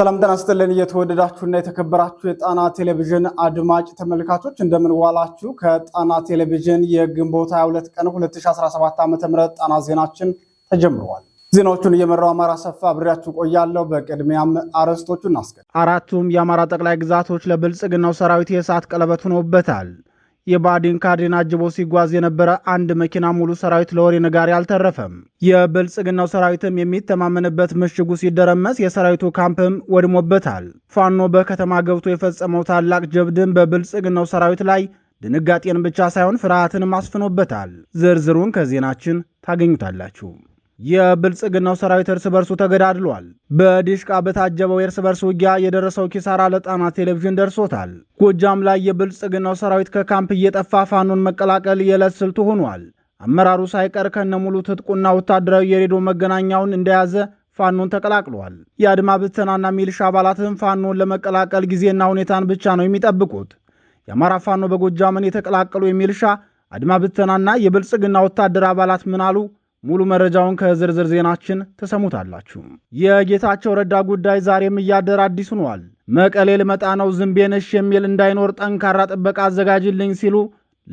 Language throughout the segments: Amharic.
ሰላም ጤና ይስጥልን። እየተወደዳችሁና የተከበራችሁ የጣና ቴሌቪዥን አድማጭ ተመልካቾች እንደምን ዋላችሁ። ከጣና ቴሌቪዥን የግንቦት 22 ቀን 2017 ዓ.ም ጣና ዜናችን ተጀምረዋል። ዜናዎቹን እየመራው አማራ ሰፋ አብሬያችሁ ቆያለሁ። በቅድሚያም አርዕስቶቹን እናስቀድም። አራቱም የአማራ ጠቅላይ ግዛቶች ለብልጽግናው ሰራዊት የእሳት ቀለበት ሆኖበታል። የባዲን ካርድን አጅቦ ሲጓዝ የነበረ አንድ መኪና ሙሉ ሰራዊት ለወሬ ነጋሪ አልተረፈም። የብልጽግናው ሰራዊትም የሚተማመንበት ምሽጉ ሲደረመስ የሰራዊቱ ካምፕም ወድሞበታል። ፋኖ በከተማ ገብቶ የፈጸመው ታላቅ ጀብድን በብልጽግናው ሰራዊት ላይ ድንጋጤን ብቻ ሳይሆን ፍርሃትን አስፍኖበታል። ዝርዝሩን ከዜናችን ታገኙታላችሁ። የብልጽግናው ሰራዊት እርስ በርሱ ተገዳድሏል። በዲሽቃ በታጀበው የእርስ በርስ ውጊያ የደረሰው ኪሳራ ለጣና ቴሌቪዥን ደርሶታል። ጎጃም ላይ የብልጽግናው ሰራዊት ከካምፕ እየጠፋ ፋኖን መቀላቀል የዕለት ስልቱ ሆኗል። አመራሩ ሳይቀር ከነሙሉ ትጥቁና ወታደራዊ የሬዲዮ መገናኛውን እንደያዘ ፋኖን ተቀላቅሏል። የአድማ ብተናና ሚልሻ አባላትም ፋኖን ለመቀላቀል ጊዜና ሁኔታን ብቻ ነው የሚጠብቁት። የአማራ ፋኖ በጎጃምን የተቀላቀሉ የሚልሻ አድማ ብተናና የብልጽግና ወታደር አባላት ምን አሉ? ሙሉ መረጃውን ከዝርዝር ዜናችን ተሰሙታላችሁ። የጌታቸው ረዳ ጉዳይ ዛሬም እያደር አዲስ ሆኗል። መቀሌ ልመጣ ነው የሚል እንዳይኖር ጠንካራ ጥበቃ አዘጋጅልኝ ሲሉ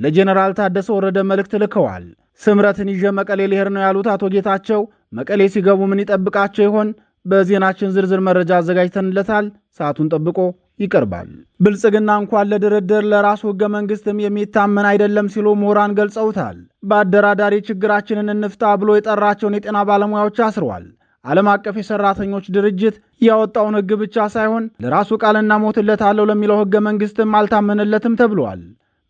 ለጄኔራል ታደሰ ወረደ መልእክት ልከዋል። ስምረትን ይዤ መቀሌ ልሄድ ነው ያሉት አቶ ጌታቸው መቀሌ ሲገቡ ምን ይጠብቃቸው ይሆን? በዜናችን ዝርዝር መረጃ አዘጋጅተንለታል። ሰዓቱን ጠብቆ ይቀርባል። ብልጽግና እንኳን ለድርድር ለራሱ ህገ መንግስትም የሚታመን አይደለም ሲሉ ምሁራን ገልጸውታል። በአደራዳሪ ችግራችንን እንፍታ ብሎ የጠራቸውን የጤና ባለሙያዎች አስረዋል። ዓለም አቀፍ የሰራተኞች ድርጅት ያወጣውን ህግ ብቻ ሳይሆን ለራሱ ቃልና ሞትለት አለው ለሚለው ህገ መንግስትም አልታመንለትም ተብሏል።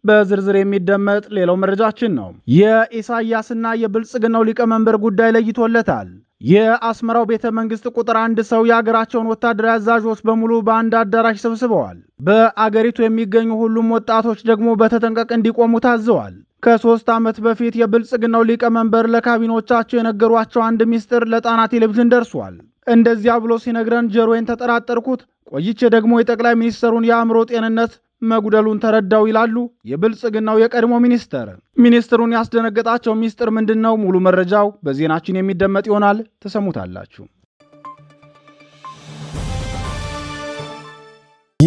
በዝርዝር የሚደመጥ ሌላው መረጃችን ነው። የኢሳያስና የብልጽግናው ሊቀመንበር ጉዳይ ለይቶለታል። የአስመራው ቤተ መንግስት ቁጥር አንድ ሰው የአገራቸውን ወታደራዊ አዛዦች በሙሉ በአንድ አዳራሽ ሰብስበዋል። በአገሪቱ የሚገኙ ሁሉም ወጣቶች ደግሞ በተጠንቀቅ እንዲቆሙ ታዘዋል። ከሶስት ዓመት በፊት የብልጽግናው ሊቀመንበር ለካቢኖቻቸው የነገሯቸው አንድ ሚስጥር ለጣና ቴሌቪዥን ደርሷል። እንደዚያ ብሎ ሲነግረን ጀሮዬን ተጠራጠርኩት። ቆይቼ ደግሞ የጠቅላይ ሚኒስትሩን የአእምሮ ጤንነት መጉደሉን ተረዳው ይላሉ የብልጽግናው የቀድሞ ሚኒስተር። ሚኒስትሩን ያስደነገጣቸው ሚስጥር ምንድን ነው? ሙሉ መረጃው በዜናችን የሚደመጥ ይሆናል፣ ተሰሙታላችሁ።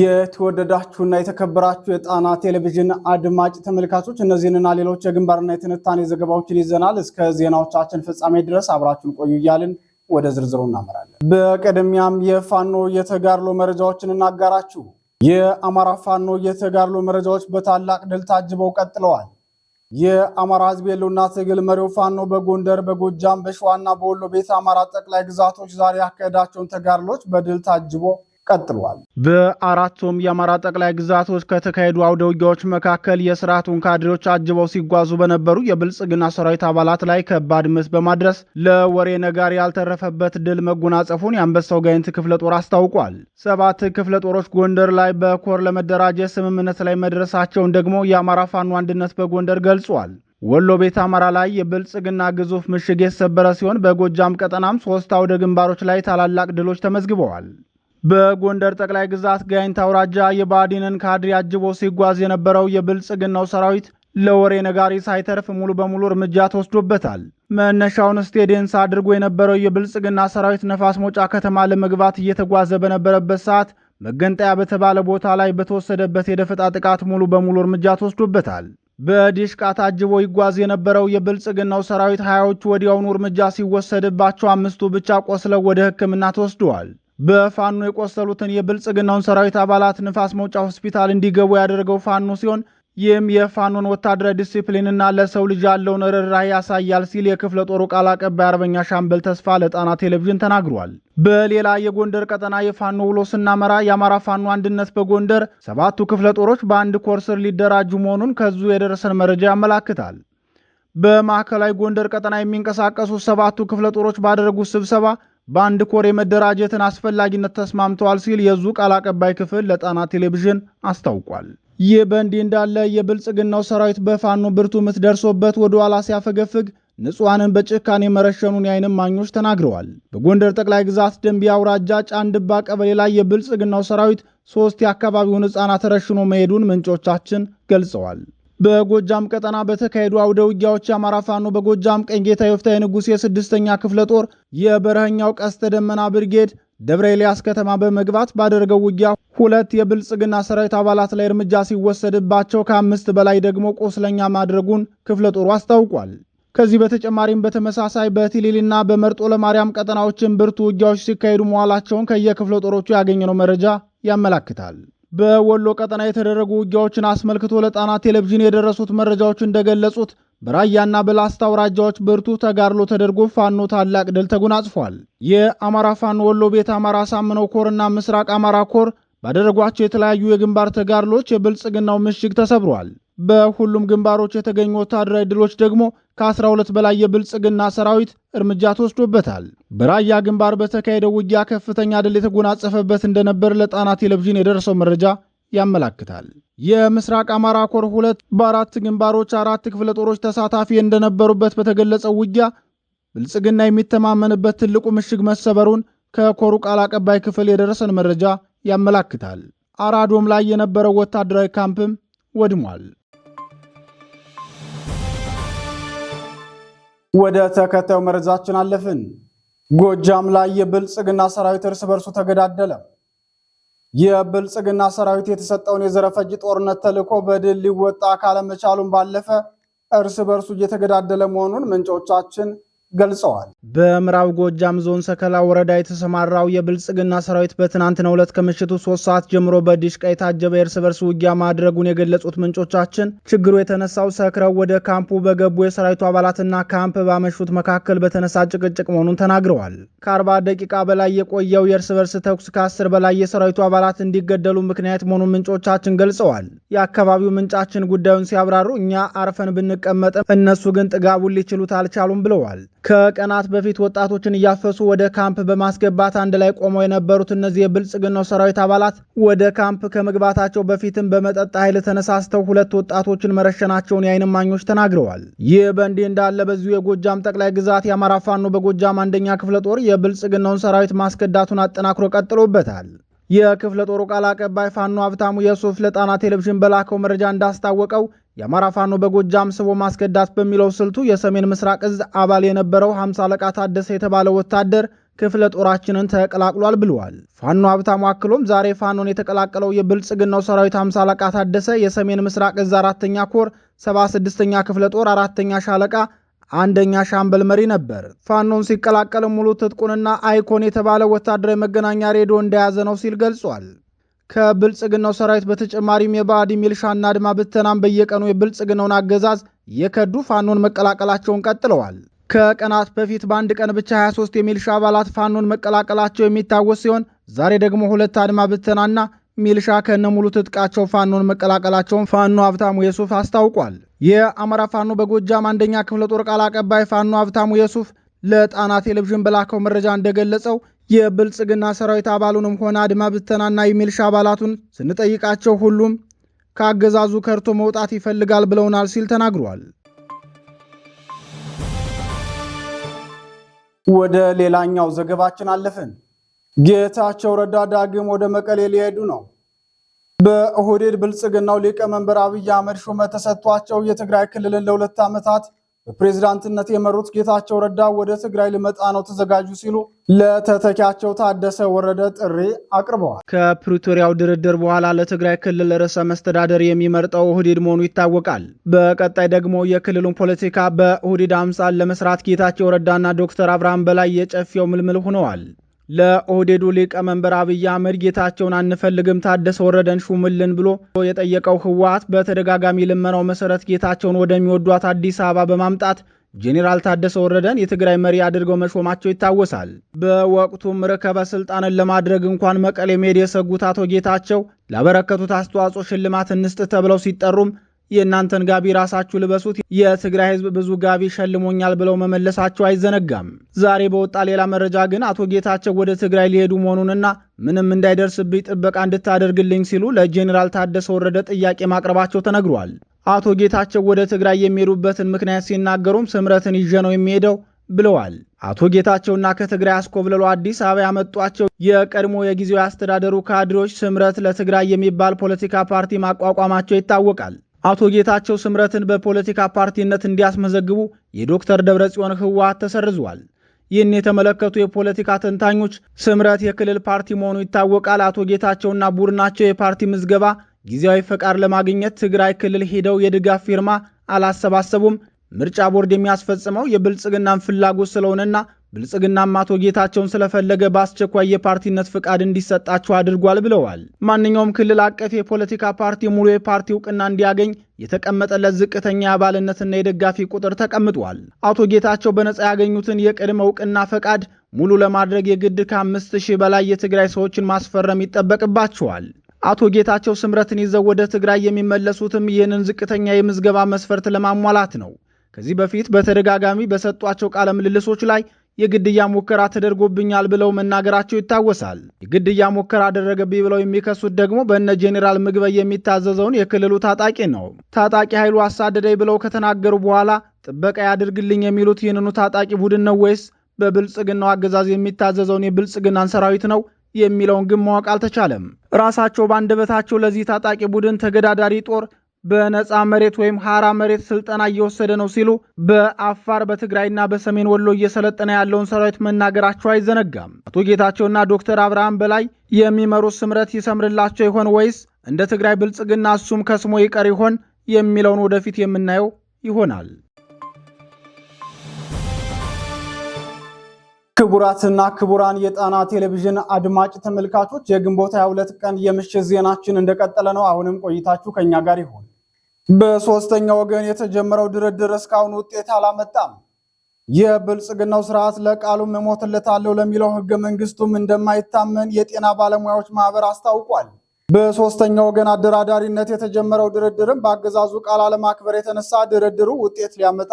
የተወደዳችሁና የተከበራችሁ የጣና ቴሌቪዥን አድማጭ ተመልካቾች እነዚህንና ሌሎች የግንባርና የትንታኔ ዘገባዎችን ይዘናል። እስከ ዜናዎቻችን ፍጻሜ ድረስ አብራችሁን ቆዩ እያልን ወደ ዝርዝሩ እናመራለን። በቅድሚያም የፋኖ የተጋድሎ መረጃዎችን እናጋራችሁ። የአማራ ፋኖ የተጋድሎ መረጃዎች በታላቅ ድል ታጅበው ቀጥለዋል። የአማራ ሕዝብ የሉና ትግል መሪው ፋኖ በጎንደር፣ በጎጃም፣ በሸዋና በወሎ ቤት አማራ ጠቅላይ ግዛቶች ዛሬ ያካሄዳቸውን ተጋድሎች በድል ታጅቦ ቀጥሏል። በአራቱም የአማራ ጠቅላይ ግዛቶች ከተካሄዱ አውደ ውጊያዎች መካከል የስርዓቱን ካድሬዎች አጅበው ሲጓዙ በነበሩ የብልጽግና ሰራዊት አባላት ላይ ከባድ ምት በማድረስ ለወሬ ነጋሪ ያልተረፈበት ድል መጎናጸፉን የአንበሳው ጋይንት ክፍለ ጦር አስታውቋል። ሰባት ክፍለ ጦሮች ጎንደር ላይ በኮር ለመደራጀት ስምምነት ላይ መድረሳቸውን ደግሞ የአማራ ፋኖ አንድነት በጎንደር ገልጿል። ወሎ ቤት አማራ ላይ የብልጽግና ግዙፍ ምሽግ የተሰበረ ሲሆን በጎጃም ቀጠናም ሶስት አውደ ግንባሮች ላይ ታላላቅ ድሎች ተመዝግበዋል። በጎንደር ጠቅላይ ግዛት ጋይንት አውራጃ የባዲንን ካድሬ አጅቦ ሲጓዝ የነበረው የብልጽግናው ሰራዊት ለወሬ ነጋሪ ሳይተርፍ ሙሉ በሙሉ እርምጃ ተወስዶበታል። መነሻውን ስቴዴንስ አድርጎ የነበረው የብልጽግና ሰራዊት ነፋስ መውጫ ከተማ ለመግባት እየተጓዘ በነበረበት ሰዓት መገንጠያ በተባለ ቦታ ላይ በተወሰደበት የደፈጣ ጥቃት ሙሉ በሙሉ እርምጃ ተወስዶበታል። በዲሽቃ ታጅቦ ይጓዝ የነበረው የብልጽግናው ሰራዊት ሀያዎቹ ወዲያውኑ እርምጃ ሲወሰድባቸው፣ አምስቱ ብቻ ቆስለው ወደ ሕክምና ተወስደዋል። በፋኖ የቆሰሉትን የብልጽግናውን ሰራዊት አባላት ንፋስ መውጫ ሆስፒታል እንዲገቡ ያደረገው ፋኖ ሲሆን ይህም የፋኖን ወታደራዊ ዲሲፕሊንና ለሰው ልጅ ያለውን ርኅራኄ ያሳያል ሲል የክፍለ ጦሩ ቃል አቀባይ አርበኛ ሻምበል ተስፋ ለጣና ቴሌቪዥን ተናግሯል። በሌላ የጎንደር ቀጠና የፋኖ ውሎ ስናመራ የአማራ ፋኖ አንድነት በጎንደር ሰባቱ ክፍለ ጦሮች በአንድ ኮር ስር ሊደራጁ መሆኑን ከዙ የደረሰን መረጃ ያመላክታል። በማዕከላዊ ጎንደር ቀጠና የሚንቀሳቀሱ ሰባቱ ክፍለ ጦሮች ባደረጉት ስብሰባ በአንድ ኮር የመደራጀትን አስፈላጊነት ተስማምተዋል ሲል የዙ ቃል አቀባይ ክፍል ለጣና ቴሌቪዥን አስታውቋል። ይህ በእንዲህ እንዳለ የብልጽግናው ሰራዊት በፋኖ ብርቱ ምት ደርሶበት ወደ ኋላ ሲያፈገፍግ ንጹሐንን በጭካኔ መረሸኑን የዓይን እማኞች ተናግረዋል። በጎንደር ጠቅላይ ግዛት ደንቢያ አውራጃ ጫንድባ ቀበሌ ላይ የብልጽግናው ሰራዊት ሦስት የአካባቢውን ሕፃናት ረሽኖ መሄዱን ምንጮቻችን ገልጸዋል። በጎጃም ቀጠና በተካሄዱ አውደ ውጊያዎች የአማራ ፋኖ በጎጃም ቀኝ ጌታ የወፍታ የንጉሥ የስድስተኛ ክፍለ ጦር የበረሃኛው ቀስተ ደመና ብርጌድ ደብረ ኤልያስ ከተማ በመግባት ባደረገው ውጊያ ሁለት የብልጽግና ሰራዊት አባላት ላይ እርምጃ ሲወሰድባቸው ከአምስት በላይ ደግሞ ቆስለኛ ማድረጉን ክፍለ ጦሩ አስታውቋል። ከዚህ በተጨማሪም በተመሳሳይ በቲሊልና በመርጦ ለማርያም ቀጠናዎችን ብርቱ ውጊያዎች ሲካሄዱ መዋላቸውን ከየክፍለ ጦሮቹ ያገኘነው መረጃ ያመላክታል። በወሎ ቀጠና የተደረጉ ውጊያዎችን አስመልክቶ ለጣና ቴሌቪዥን የደረሱት መረጃዎች እንደገለጹት በራያና በላስታ አውራጃዎች ብርቱ ተጋድሎ ተደርጎ ፋኖ ታላቅ ድል ተጎናጽፏል። የአማራ ፋኖ ወሎ ቤት አማራ ሳምነው ኮርና ምስራቅ አማራ ኮር ባደረጓቸው የተለያዩ የግንባር ተጋድሎች የብልጽግናው ምሽግ ተሰብሯል። በሁሉም ግንባሮች የተገኙ ወታደራዊ ድሎች ደግሞ ከ12 በላይ የብልጽግና ሰራዊት እርምጃ ተወስዶበታል። በራያ ግንባር በተካሄደው ውጊያ ከፍተኛ ድል የተጎናጸፈበት እንደነበር ለጣና ቴሌቪዥን የደረሰው መረጃ ያመላክታል። የምስራቅ አማራ ኮር ሁለት በአራት ግንባሮች አራት ክፍለ ጦሮች ተሳታፊ እንደነበሩበት በተገለጸው ውጊያ ብልጽግና የሚተማመንበት ትልቁ ምሽግ መሰበሩን ከኮሩ ቃል አቀባይ ክፍል የደረሰን መረጃ ያመላክታል። አራዶም ላይ የነበረው ወታደራዊ ካምፕም ወድሟል። ወደ ተከታዩ መረጃችን አለፍን። ጎጃም ላይ የብልጽግና ሰራዊት እርስ በርሱ ተገዳደለ። የብልጽግና ሰራዊት የተሰጠውን የዘረፈጅ ጦርነት ተልዕኮ በድል ሊወጣ ካለመቻሉን ባለፈ እርስ በርሱ እየተገዳደለ መሆኑን ምንጮቻችን ገልጸዋል። በምዕራብ ጎጃም ዞን ሰከላ ወረዳ የተሰማራው የብልጽግና ሰራዊት በትናንትናው ዕለት ከምሽቱ ሶስት ሰዓት ጀምሮ በዲሽቃ የታጀበ የእርስ በርስ ውጊያ ማድረጉን የገለጹት ምንጮቻችን ችግሩ የተነሳው ሰክረው ወደ ካምፑ በገቡ የሰራዊቱ አባላትና ካምፕ ባመሹት መካከል በተነሳ ጭቅጭቅ መሆኑን ተናግረዋል። ከአርባ ደቂቃ በላይ የቆየው የእርስ በርስ ተኩስ ከአስር በላይ የሰራዊቱ አባላት እንዲገደሉ ምክንያት መሆኑን ምንጮቻችን ገልጸዋል። የአካባቢው ምንጫችን ጉዳዩን ሲያብራሩ እኛ አርፈን ብንቀመጥም እነሱ ግን ጥጋቡን ሊችሉት አልቻሉም ብለዋል። ከቀናት በፊት ወጣቶችን እያፈሱ ወደ ካምፕ በማስገባት አንድ ላይ ቆመው የነበሩት እነዚህ የብልጽግናው ሰራዊት አባላት ወደ ካምፕ ከመግባታቸው በፊትም በመጠጥ ኃይል ተነሳስተው ሁለት ወጣቶችን መረሸናቸውን የዓይን እማኞች ተናግረዋል። ይህ በእንዲህ እንዳለ በዚሁ የጎጃም ጠቅላይ ግዛት የአማራ ፋኖ በጎጃም አንደኛ ክፍለ ጦር የብልጽግናውን ሰራዊት ማስከዳቱን አጠናክሮ ቀጥሎበታል። የክፍለ ጦሩ ቃል አቀባይ ፋኖ ሀብታሙ የሱፍ ለጣና ቴሌቪዥን በላከው መረጃ እንዳስታወቀው የአማራ ፋኖ በጎጃም ስቦ ማስገዳት በሚለው ስልቱ የሰሜን ምስራቅ እዝ አባል የነበረው ሀምሳ አለቃ ታደሰ የተባለ ወታደር ክፍለ ጦራችንን ተቀላቅሏል ብለዋል። ፋኖ ሀብታሙ አክሎም ዛሬ ፋኖን የተቀላቀለው የብልጽግናው ሰራዊት ሀምሳ አለቃ ታደሰ የሰሜን ምስራቅ እዝ አራተኛ ኮር ሰባ ስድስተኛ ክፍለ ጦር አራተኛ ሻለቃ አንደኛ ሻምበል መሪ ነበር። ፋኖን ሲቀላቀል ሙሉ ትጥቁንና አይኮን የተባለ ወታደራዊ መገናኛ ሬዲዮ እንደያዘ ነው ሲል ገልጿል። ከብልጽግናው ሰራዊት በተጨማሪም የባዕድ ሚልሻና አድማ ብተናም በየቀኑ የብልጽግናውን አገዛዝ የከዱ ፋኖን መቀላቀላቸውን ቀጥለዋል። ከቀናት በፊት በአንድ ቀን ብቻ 23 የሚልሻ አባላት ፋኖን መቀላቀላቸው የሚታወስ ሲሆን ዛሬ ደግሞ ሁለት አድማ ብተናና ሚልሻ ከነሙሉ ትጥቃቸው ፋኖን መቀላቀላቸውን ፋኖ ሀብታሙ የሱፍ አስታውቋል። የአማራ ፋኖ በጎጃም አንደኛ ክፍለ ጦር ቃል አቀባይ ፋኖ ሀብታሙ የሱፍ ለጣና ቴሌቪዥን በላከው መረጃ እንደገለጸው የብልጽግና ሰራዊት አባሉንም ሆነ አድማ ብተናና የሚልሻ አባላቱን ስንጠይቃቸው ሁሉም ከአገዛዙ ከርቶ መውጣት ይፈልጋል ብለውናል ሲል ተናግሯል። ወደ ሌላኛው ዘገባችን አለፍን። ጌታቸው ረዳ ዳግም ወደ መቀሌ ሊሄዱ ነው። በኦህዴድ ብልጽግናው ሊቀመንበር አብይ አህመድ ሹመት ተሰጥቷቸው የትግራይ ክልልን ለሁለት ዓመታት በፕሬዝዳንትነት የመሩት ጌታቸው ረዳ ወደ ትግራይ ልመጣ ነው ተዘጋጁ ሲሉ ለተተኪያቸው ታደሰ ወረደ ጥሪ አቅርበዋል። ከፕሪቶሪያው ድርድር በኋላ ለትግራይ ክልል ርዕሰ መስተዳደር የሚመርጠው ኦህዴድ መሆኑ ይታወቃል። በቀጣይ ደግሞ የክልሉን ፖለቲካ በኦህዴድ አምሳል ለመስራት ጌታቸው ረዳና ዶክተር አብርሃም በላይ የጨፌው ምልምል ሆነዋል። ለኦህዴዱ ሊቀመንበር አብይ አህመድ ጌታቸውን አንፈልግም ታደሰ ወረደን ሹምልን ብሎ የጠየቀው ህወሓት በተደጋጋሚ ልመናው መሰረት ጌታቸውን ወደሚወዷት አዲስ አበባ በማምጣት ጄኔራል ታደሰ ወረደን የትግራይ መሪ አድርገው መሾማቸው ይታወሳል። በወቅቱም ርከበ ስልጣንን ለማድረግ እንኳን መቀሌ መሄድ የሰጉት አቶ ጌታቸው ላበረከቱት አስተዋጽኦ ሽልማት እንስጥ ተብለው ሲጠሩም የእናንተን ጋቢ ራሳችሁ ልበሱት፣ የትግራይ ህዝብ ብዙ ጋቢ ሸልሞኛል ብለው መመለሳቸው አይዘነጋም። ዛሬ በወጣ ሌላ መረጃ ግን አቶ ጌታቸው ወደ ትግራይ ሊሄዱ መሆኑንና ምንም እንዳይደርስብኝ ጥበቃ እንድታደርግልኝ ሲሉ ለጄኔራል ታደሰ ወረደ ጥያቄ ማቅረባቸው ተነግሯል። አቶ ጌታቸው ወደ ትግራይ የሚሄዱበትን ምክንያት ሲናገሩም ስምረትን ይዤ ነው የሚሄደው ብለዋል። አቶ ጌታቸውና ከትግራይ አስኮብለሉ አዲስ አበባ ያመጧቸው የቀድሞ የጊዜው አስተዳደሩ ካድሮች ስምረት ለትግራይ የሚባል ፖለቲካ ፓርቲ ማቋቋማቸው ይታወቃል። አቶ ጌታቸው ስምረትን በፖለቲካ ፓርቲነት እንዲያስመዘግቡ የዶክተር ደብረጽዮን ህወሓት ተሰርዟል። ይህን የተመለከቱ የፖለቲካ ተንታኞች ስምረት የክልል ፓርቲ መሆኑ ይታወቃል። አቶ ጌታቸውና ቡድናቸው የፓርቲ ምዝገባ ጊዜያዊ ፈቃድ ለማግኘት ትግራይ ክልል ሄደው የድጋፍ ፊርማ አላሰባሰቡም። ምርጫ ቦርድ የሚያስፈጽመው የብልጽግናን ፍላጎት ስለሆነና ብልጽግናም አቶ ጌታቸውን ስለፈለገ በአስቸኳይ የፓርቲነት ፍቃድ እንዲሰጣቸው አድርጓል ብለዋል። ማንኛውም ክልል አቀፍ የፖለቲካ ፓርቲ ሙሉ የፓርቲ እውቅና እንዲያገኝ የተቀመጠለት ዝቅተኛ የአባልነትና የደጋፊ ቁጥር ተቀምጧል። አቶ ጌታቸው በነፃ ያገኙትን የቅድመ እውቅና ፈቃድ ሙሉ ለማድረግ የግድ ከአምስት ሺህ በላይ የትግራይ ሰዎችን ማስፈረም ይጠበቅባቸዋል። አቶ ጌታቸው ስምረትን ይዘው ወደ ትግራይ የሚመለሱትም ይህንን ዝቅተኛ የምዝገባ መስፈርት ለማሟላት ነው። ከዚህ በፊት በተደጋጋሚ በሰጧቸው ቃለ ምልልሶች ላይ የግድያ ሙከራ ተደርጎብኛል ብለው መናገራቸው ይታወሳል። የግድያ ሙከራ አደረገብኝ ብለው የሚከሱት ደግሞ በእነ ጄኔራል ምግበ የሚታዘዘውን የክልሉ ታጣቂ ነው። ታጣቂ ኃይሉ አሳደደኝ ብለው ከተናገሩ በኋላ ጥበቃ ያድርግልኝ የሚሉት ይህንኑ ታጣቂ ቡድን ነው ወይስ በብልጽግናው አገዛዝ የሚታዘዘውን የብልጽግናን ሰራዊት ነው የሚለውን ግን ማወቅ አልተቻለም። ራሳቸው በአንደበታቸው ለዚህ ታጣቂ ቡድን ተገዳዳሪ ጦር በነፃ መሬት ወይም ሀራ መሬት ስልጠና እየወሰደ ነው ሲሉ በአፋር በትግራይና በሰሜን ወሎ እየሰለጠነ ያለውን ሰራዊት መናገራቸው አይዘነጋም። አቶ ጌታቸውና ዶክተር አብርሃም በላይ የሚመሩት ስምረት ይሰምርላቸው ይሆን ወይስ እንደ ትግራይ ብልጽግና እሱም ከስሞ ይቀር ይሆን የሚለውን ወደፊት የምናየው ይሆናል። ክቡራትና ክቡራን የጣና ቴሌቪዥን አድማጭ ተመልካቾች የግንቦት 22 ቀን የምሽት ዜናችን እንደቀጠለ ነው። አሁንም ቆይታችሁ ከኛ ጋር ይሁን። በሶስተኛ ወገን የተጀመረው ድርድር እስካሁን ውጤት አላመጣም። የብልጽግናው ስርዓት ለቃሉ እሞትለታለሁ ለሚለው ህገ መንግስቱም እንደማይታመን የጤና ባለሙያዎች ማህበር አስታውቋል። በሶስተኛ ወገን አደራዳሪነት የተጀመረው ድርድርም በአገዛዙ ቃል አለማክበር የተነሳ ድርድሩ ውጤት ሊያመጣ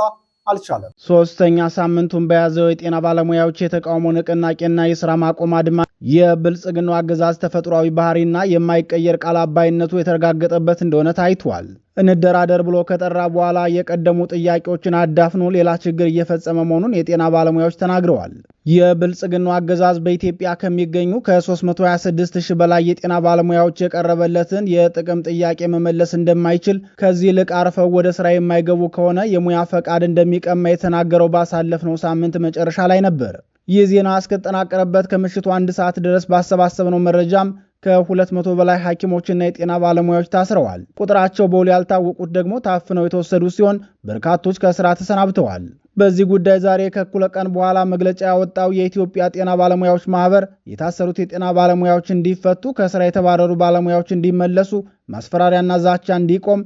አልቻለም። ሶስተኛ ሳምንቱን በያዘው የጤና ባለሙያዎች የተቃውሞ ንቅናቄና የስራ ማቆም አድማ የብልጽግናው አገዛዝ ተፈጥሯዊ ባህሪና የማይቀየር ቃል አባይነቱ የተረጋገጠበት እንደሆነ ታይቷል። እንደራደር ብሎ ከጠራ በኋላ የቀደሙ ጥያቄዎችን አዳፍኖ ሌላ ችግር እየፈጸመ መሆኑን የጤና ባለሙያዎች ተናግረዋል። የብልጽግናው አገዛዝ በኢትዮጵያ ከሚገኙ ከ326 ሺህ በላይ የጤና ባለሙያዎች የቀረበለትን የጥቅም ጥያቄ መመለስ እንደማይችል ከዚህ ይልቅ አርፈው ወደ ስራ የማይገቡ ከሆነ የሙያ ፈቃድ እንደሚቀማ የተናገረው ባሳለፍነው ሳምንት መጨረሻ ላይ ነበር። ይህ ዜና እስከተጠናቀረበት ከምሽቱ አንድ ሰዓት ድረስ ባሰባሰብነው መረጃም ከ200 በላይ ሐኪሞችና የጤና ባለሙያዎች ታስረዋል። ቁጥራቸው በውል ያልታወቁት ደግሞ ታፍነው የተወሰዱ ሲሆን በርካቶች ከስራ ተሰናብተዋል። በዚህ ጉዳይ ዛሬ ከእኩለ ቀን በኋላ መግለጫ ያወጣው የኢትዮጵያ ጤና ባለሙያዎች ማህበር የታሰሩት የጤና ባለሙያዎች እንዲፈቱ፣ ከስራ የተባረሩ ባለሙያዎች እንዲመለሱ፣ ማስፈራሪያና ዛቻ እንዲቆም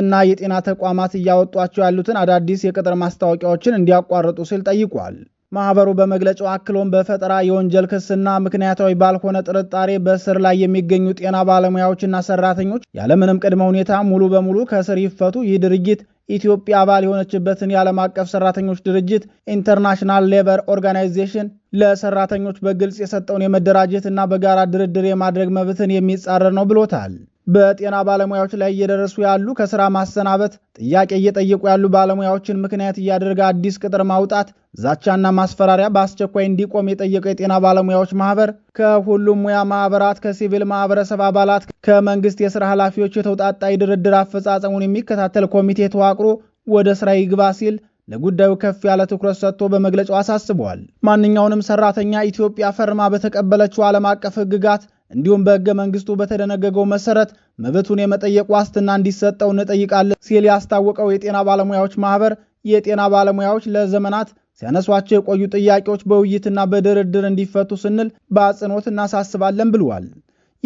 እና የጤና ተቋማት እያወጧቸው ያሉትን አዳዲስ የቅጥር ማስታወቂያዎችን እንዲያቋርጡ ሲል ጠይቋል። ማህበሩ በመግለጫው አክሎም በፈጠራ የወንጀል ክስና ምክንያታዊ ባልሆነ ጥርጣሬ በስር ላይ የሚገኙ ጤና ባለሙያዎችና ሰራተኞች ያለምንም ቅድመ ሁኔታ ሙሉ በሙሉ ከስር ይፈቱ። ይህ ድርጊት ኢትዮጵያ አባል የሆነችበትን የዓለም አቀፍ ሰራተኞች ድርጅት ኢንተርናሽናል ሌበር ኦርጋናይዜሽን ለሰራተኞች በግልጽ የሰጠውን የመደራጀት እና በጋራ ድርድር የማድረግ መብትን የሚጻረር ነው ብሎታል። በጤና ባለሙያዎች ላይ እየደረሱ ያሉ ከስራ ማሰናበት፣ ጥያቄ እየጠየቁ ያሉ ባለሙያዎችን ምክንያት እያደረገ አዲስ ቅጥር ማውጣት፣ ዛቻና ማስፈራሪያ በአስቸኳይ እንዲቆም የጠየቀው የጤና ባለሙያዎች ማህበር ከሁሉም ሙያ ማህበራት፣ ከሲቪል ማህበረሰብ አባላት፣ ከመንግስት የስራ ኃላፊዎች የተውጣጣ የድርድር አፈጻጸሙን የሚከታተል ኮሚቴ ተዋቅሮ ወደ ስራ ይግባ ሲል ለጉዳዩ ከፍ ያለ ትኩረት ሰጥቶ በመግለጫው አሳስበዋል። ማንኛውንም ሰራተኛ ኢትዮጵያ ፈርማ በተቀበለችው ዓለም አቀፍ ህግጋት እንዲሁም በሕገ መንግስቱ በተደነገገው መሰረት መብቱን የመጠየቅ ዋስትና እንዲሰጠው እንጠይቃለን ሲል ያስታወቀው የጤና ባለሙያዎች ማህበር የጤና ባለሙያዎች ለዘመናት ሲያነሷቸው የቆዩ ጥያቄዎች በውይይትና በድርድር እንዲፈቱ ስንል በአጽንኦት እናሳስባለን ብለዋል።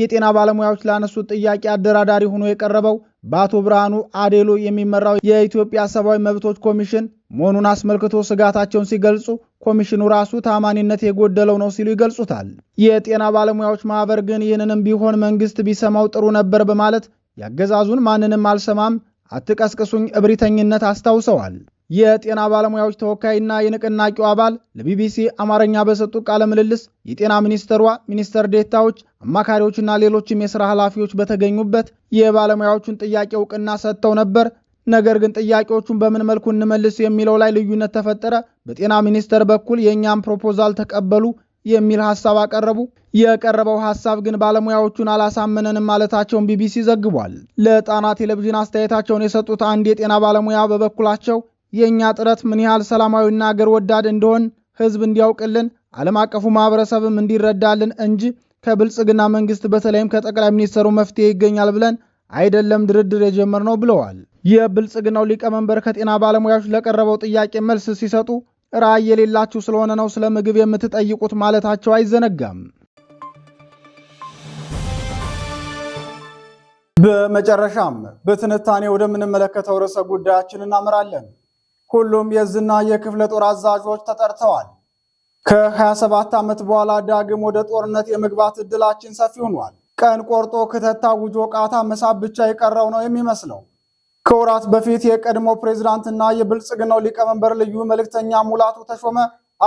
የጤና ባለሙያዎች ላነሱት ጥያቄ አደራዳሪ ሆኖ የቀረበው በአቶ ብርሃኑ አዴሎ የሚመራው የኢትዮጵያ ሰብአዊ መብቶች ኮሚሽን መሆኑን አስመልክቶ ስጋታቸውን ሲገልጹ ኮሚሽኑ ራሱ ታማኒነት የጎደለው ነው ሲሉ ይገልጹታል። የጤና ባለሙያዎች ማህበር ግን ይህንንም ቢሆን መንግስት ቢሰማው ጥሩ ነበር በማለት ያገዛዙን ማንንም አልሰማም፣ አትቀስቅሱኝ እብሪተኝነት አስታውሰዋል። የጤና ባለሙያዎች ተወካይና የንቅናቄው አባል ለቢቢሲ አማርኛ በሰጡ ቃለ ምልልስ የጤና ሚኒስተሯ፣ ሚኒስተር ዴታዎች፣ አማካሪዎችና ሌሎችም የስራ ኃላፊዎች በተገኙበት የባለሙያዎቹን ጥያቄ እውቅና ሰጥተው ነበር። ነገር ግን ጥያቄዎቹን በምን መልኩ እንመልስ የሚለው ላይ ልዩነት ተፈጠረ። በጤና ሚኒስተር በኩል የእኛም ፕሮፖዛል ተቀበሉ የሚል ሀሳብ አቀረቡ። የቀረበው ሀሳብ ግን ባለሙያዎቹን አላሳመነንም ማለታቸውን ቢቢሲ ዘግቧል። ለጣና ቴሌቪዥን አስተያየታቸውን የሰጡት አንድ የጤና ባለሙያ በበኩላቸው የእኛ ጥረት ምን ያህል ሰላማዊና አገር ወዳድ እንደሆን ህዝብ እንዲያውቅልን ዓለም አቀፉ ማህበረሰብም እንዲረዳልን እንጂ ከብልጽግና መንግስት በተለይም ከጠቅላይ ሚኒስትሩ መፍትሄ ይገኛል ብለን አይደለም ድርድር የጀመርነው ብለዋል። የብልጽግናው ሊቀመንበር ከጤና ባለሙያዎች ለቀረበው ጥያቄ መልስ ሲሰጡ ራዕይ የሌላችሁ ስለሆነ ነው ስለ ምግብ የምትጠይቁት ማለታቸው አይዘነጋም። በመጨረሻም በትንታኔ ወደምንመለከተው ርዕሰ ጉዳያችን እናምራለን። ሁሉም የዝና የክፍለ ጦር አዛዦች ተጠርተዋል። ከ27 ዓመት በኋላ ዳግም ወደ ጦርነት የመግባት እድላችን ሰፊ ሆኗል። ቀን ቆርጦ ክተታ ውጆ ቃታ መሳብ ብቻ የቀረው ነው የሚመስለው። ከወራት በፊት የቀድሞ ፕሬዝዳንትና የብልጽግናው ሊቀመንበር ልዩ መልእክተኛ ሙላቱ ተሾመ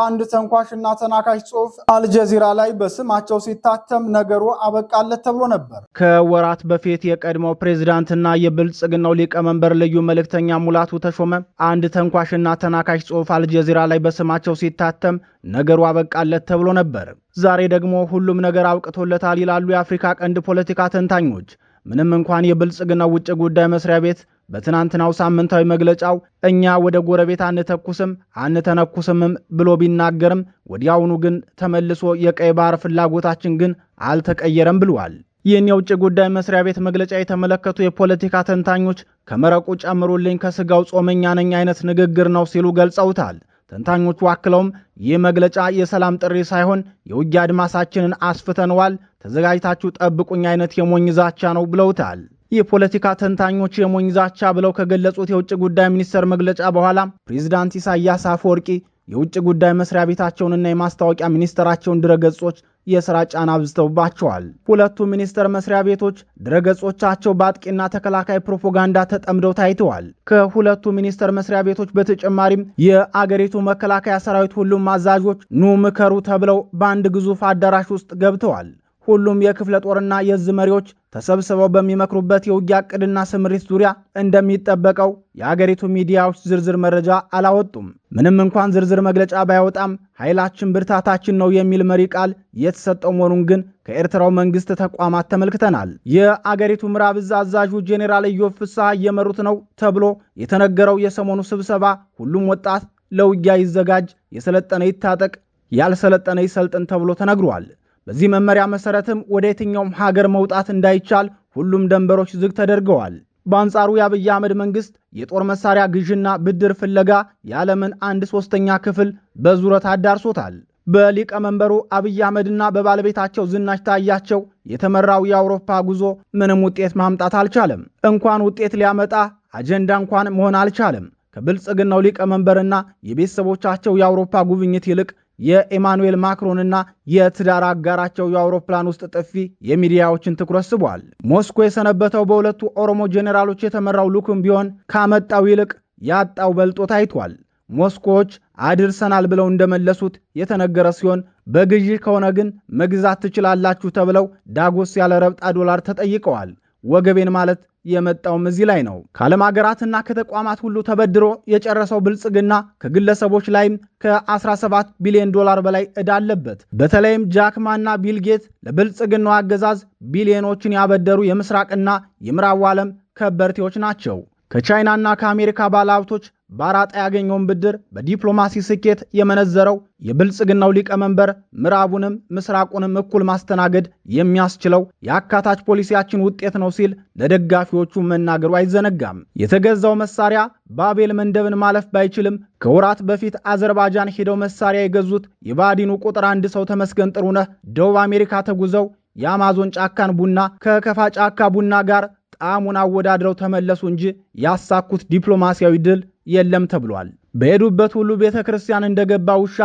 አንድ ተንኳሽና ተናካሽ ጽሁፍ አልጀዚራ ላይ በስማቸው ሲታተም ነገሩ አበቃለት ተብሎ ነበር። ከወራት በፊት የቀድሞው ፕሬዚዳንትና የብልጽግናው ሊቀመንበር ልዩ መልእክተኛ ሙላቱ ተሾመ አንድ ተንኳሽና ተናካሽ ጽሁፍ አልጀዚራ ላይ በስማቸው ሲታተም ነገሩ አበቃለት ተብሎ ነበር። ዛሬ ደግሞ ሁሉም ነገር አብቅቶለታል ይላሉ የአፍሪካ ቀንድ ፖለቲካ ተንታኞች። ምንም እንኳን የብልጽግናው ውጭ ጉዳይ መስሪያ ቤት በትናንትናው ሳምንታዊ መግለጫው እኛ ወደ ጎረቤት አንተኩስም አንተነኩስምም ብሎ ቢናገርም ወዲያውኑ ግን ተመልሶ የቀይ ባህር ፍላጎታችን ግን አልተቀየረም ብሏል። ይህን የውጭ ጉዳይ መስሪያ ቤት መግለጫ የተመለከቱ የፖለቲካ ተንታኞች ከመረቁ ጨምሩልኝ ከስጋው ጾመኛ ነኝ አይነት ንግግር ነው ሲሉ ገልጸውታል። ተንታኞቹ አክለውም ይህ መግለጫ የሰላም ጥሪ ሳይሆን የውጊያ አድማሳችንን አስፍተነዋል፣ ተዘጋጅታችሁ ጠብቁኝ አይነት የሞኝ ዛቻ ነው ብለውታል። የፖለቲካ ተንታኞች የሞኝ ዛቻ ብለው ከገለጹት የውጭ ጉዳይ ሚኒስቴር መግለጫ በኋላ ፕሬዚዳንት ኢሳያስ አፈወርቂ የውጭ ጉዳይ መስሪያ ቤታቸውንና የማስታወቂያ ሚኒስቴራቸውን ድረገጾች የሥራ ጫና አብዝተውባቸዋል። ሁለቱ ሚኒስቴር መስሪያ ቤቶች ድረገጾቻቸው በአጥቂና ተከላካይ ፕሮፓጋንዳ ተጠምደው ታይተዋል። ከሁለቱ ሚኒስቴር መስሪያ ቤቶች በተጨማሪም የአገሪቱ መከላከያ ሰራዊት ሁሉም አዛዦች ኑ ምከሩ ተብለው በአንድ ግዙፍ አዳራሽ ውስጥ ገብተዋል። ሁሉም የክፍለ ጦርና የዝ መሪዎች ተሰብስበው በሚመክሩበት የውጊያ ዕቅድና ስምሪት ዙሪያ እንደሚጠበቀው የአገሪቱ ሚዲያዎች ዝርዝር መረጃ አላወጡም። ምንም እንኳን ዝርዝር መግለጫ ባይወጣም ኃይላችን ብርታታችን ነው የሚል መሪ ቃል የተሰጠው መሆኑን ግን ከኤርትራው መንግስት ተቋማት ተመልክተናል። የአገሪቱ ምዕራብ እዝ አዛዡ ጄኔራል ኢዮብ ፍስሐ እየመሩት ነው ተብሎ የተነገረው የሰሞኑ ስብሰባ ሁሉም ወጣት ለውጊያ ይዘጋጅ፣ የሰለጠነ ይታጠቅ፣ ያልሰለጠነ ይሰልጥን ተብሎ ተነግሯል። በዚህ መመሪያ መሰረትም ወደ የትኛውም ሀገር መውጣት እንዳይቻል ሁሉም ደንበሮች ዝግ ተደርገዋል። በአንጻሩ የአብይ አህመድ መንግስት የጦር መሳሪያ ግዥና ብድር ፍለጋ የዓለምን አንድ ሶስተኛ ክፍል በዙረት አዳርሶታል። በሊቀመንበሩ አብይ አህመድና በባለቤታቸው ዝናሽ ታያቸው የተመራው የአውሮፓ ጉዞ ምንም ውጤት ማምጣት አልቻለም። እንኳን ውጤት ሊያመጣ አጀንዳ እንኳን መሆን አልቻለም። ከብልጽግናው ሊቀመንበርና የቤተሰቦቻቸው የአውሮፓ ጉብኝት ይልቅ የኤማኑኤል ማክሮንና የትዳር አጋራቸው የአውሮፕላን ውስጥ ጥፊ የሚዲያዎችን ትኩረት ስቧል። ሞስኮ የሰነበተው በሁለቱ ኦሮሞ ጄኔራሎች የተመራው ልዑክም ቢሆን ካመጣው ይልቅ ያጣው በልጦ ታይቷል። ሞስኮዎች አድርሰናል ብለው እንደመለሱት የተነገረ ሲሆን በግዢ ከሆነ ግን መግዛት ትችላላችሁ ተብለው ዳጎስ ያለ ረብጣ ዶላር ተጠይቀዋል። ወገቤን ማለት የመጣውም እዚህ ላይ ነው። ከዓለም ሀገራትና ከተቋማት ሁሉ ተበድሮ የጨረሰው ብልጽግና ከግለሰቦች ላይም ከ17 ቢሊዮን ዶላር በላይ ዕዳ አለበት። በተለይም ጃክማና ቢልጌት ለብልጽግናው አገዛዝ ቢሊዮኖችን ያበደሩ የምስራቅና የምዕራቡ ዓለም ከበርቴዎች ናቸው። ከቻይናና ከአሜሪካ ባለሀብቶች በአራጣ ያገኘውን ብድር በዲፕሎማሲ ስኬት የመነዘረው የብልጽግናው ሊቀመንበር ምዕራቡንም ምስራቁንም እኩል ማስተናገድ የሚያስችለው የአካታች ፖሊሲያችን ውጤት ነው ሲል ለደጋፊዎቹ መናገሩ አይዘነጋም። የተገዛው መሳሪያ ባቤል መንደብን ማለፍ ባይችልም ከወራት በፊት አዘርባይጃን ሄደው መሳሪያ የገዙት የባዲኑ ቁጥር አንድ ሰው ተመስገን ጥሩነህ ደቡብ አሜሪካ ተጉዘው የአማዞን ጫካን ቡና ከከፋ ጫካ ቡና ጋር ጣዕሙን አወዳድረው ተመለሱ እንጂ ያሳኩት ዲፕሎማሲያዊ ድል የለም ተብሏል። በሄዱበት ሁሉ ቤተ ክርስቲያን እንደገባ ውሻ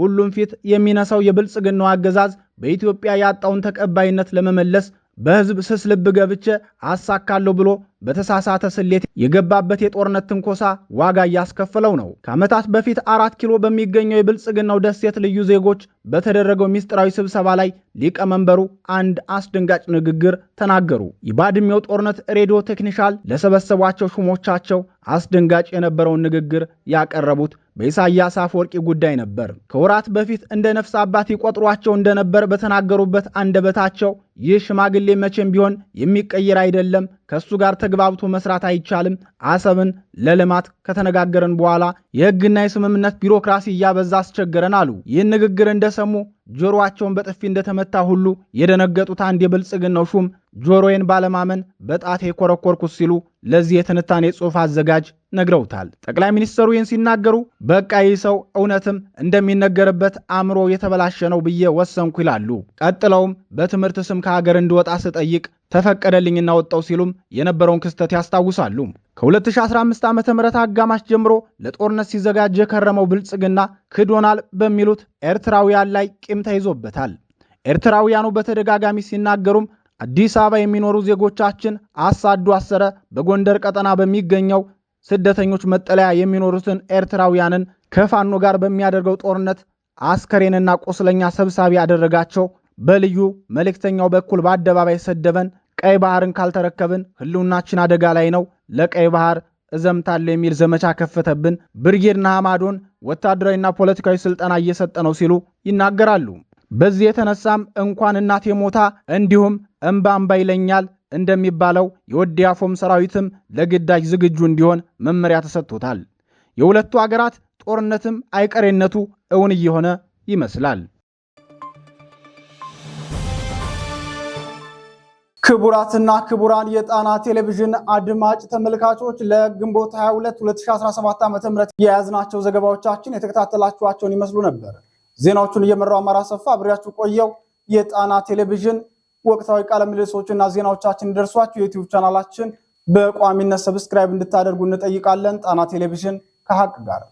ሁሉም ፊት የሚነሳው የብልጽግናው አገዛዝ በኢትዮጵያ ያጣውን ተቀባይነት ለመመለስ በሕዝብ ስስ ልብ ገብቼ አሳካለሁ ብሎ በተሳሳተ ስሌት የገባበት የጦርነት ትንኮሳ ዋጋ እያስከፈለው ነው። ከዓመታት በፊት አራት ኪሎ በሚገኘው የብልጽግናው ደሴት ልዩ ዜጎች በተደረገው ሚስጥራዊ ስብሰባ ላይ ሊቀመንበሩ አንድ አስደንጋጭ ንግግር ተናገሩ። የባድሜው ጦርነት ሬዲዮ ቴክኒሻል ለሰበሰቧቸው ሹሞቻቸው አስደንጋጭ የነበረውን ንግግር ያቀረቡት በኢሳያስ አፈወርቂ ጉዳይ ነበር። ከወራት በፊት እንደ ነፍስ አባት ይቆጥሯቸው እንደነበር በተናገሩበት አንደበታቸው ይህ ሽማግሌ መቼም ቢሆን የሚቀየር አይደለም ከእሱ ጋር ተግባብቶ መስራት አይቻልም። አሰብን ለልማት ከተነጋገረን በኋላ የሕግና የስምምነት ቢሮክራሲ እያበዛ አስቸገረን አሉ። ይህን ንግግር እንደሰሙ ጆሮአቸውን በጥፊ እንደተመታ ሁሉ የደነገጡት አንድ የብልጽግናው ሹም ጆሮዬን ባለማመን በጣቴ የኮረኮርኩት ሲሉ ለዚህ የትንታኔ ጽሑፍ አዘጋጅ ነግረውታል። ጠቅላይ ሚኒስትሩ ይህን ሲናገሩ በቃ ይህ ሰው እውነትም እንደሚነገርበት አእምሮ የተበላሸ ነው ብዬ ወሰንኩ ይላሉ። ቀጥለውም በትምህርት ስም ከሀገር እንድወጣ ስጠይቅ ተፈቀደልኝና ወጣው ሲሉም የነበረውን ክስተት ያስታውሳሉ። ከ2015 ዓ ም አጋማሽ ጀምሮ ለጦርነት ሲዘጋጅ የከረመው ብልጽግና ክዶናል በሚሉት ኤርትራውያን ላይ ቂም ተይዞበታል። ኤርትራውያኑ በተደጋጋሚ ሲናገሩም አዲስ አበባ የሚኖሩ ዜጎቻችን አሳዱ አሰረ በጎንደር ቀጠና በሚገኘው ስደተኞች መጠለያ የሚኖሩትን ኤርትራውያንን ከፋኖ ጋር በሚያደርገው ጦርነት አስከሬንና ቁስለኛ ሰብሳቢ ያደረጋቸው በልዩ መልእክተኛው በኩል በአደባባይ ሰደበን። ቀይ ባህርን ካልተረከብን ህልውናችን አደጋ ላይ ነው፣ ለቀይ ባህር እዘምታለሁ የሚል ዘመቻ ከፈተብን። ብርጌድና ሐማዶን ወታደራዊና ፖለቲካዊ ስልጠና እየሰጠ ነው ሲሉ ይናገራሉ። በዚህ የተነሳም እንኳን እናቴ ሞታ እንዲሁም እምባ እምባ ይለኛል እንደሚባለው የወዲያፎም ሰራዊትም ለግዳጅ ዝግጁ እንዲሆን መመሪያ ተሰጥቶታል። የሁለቱ አገራት ጦርነትም አይቀሬነቱ እውን እየሆነ ይመስላል። ክቡራትና ክቡራን የጣና ቴሌቪዥን አድማጭ ተመልካቾች ለግንቦት 22 2017 ዓ ም የያዝናቸው ዘገባዎቻችን የተከታተላችኋቸውን ይመስሉ ነበር። ዜናዎቹን እየመራው አማራ ሰፋ አብሬያችሁ ቆየው። የጣና ቴሌቪዥን ወቅታዊ ቃለ ምልልሶችና ዜናዎቻችን ደርሷችሁ የዩቲዩብ ቻናላችን በቋሚነት ሰብስክራይብ እንድታደርጉ እንጠይቃለን። ጣና ቴሌቪዥን ከሀቅ ጋር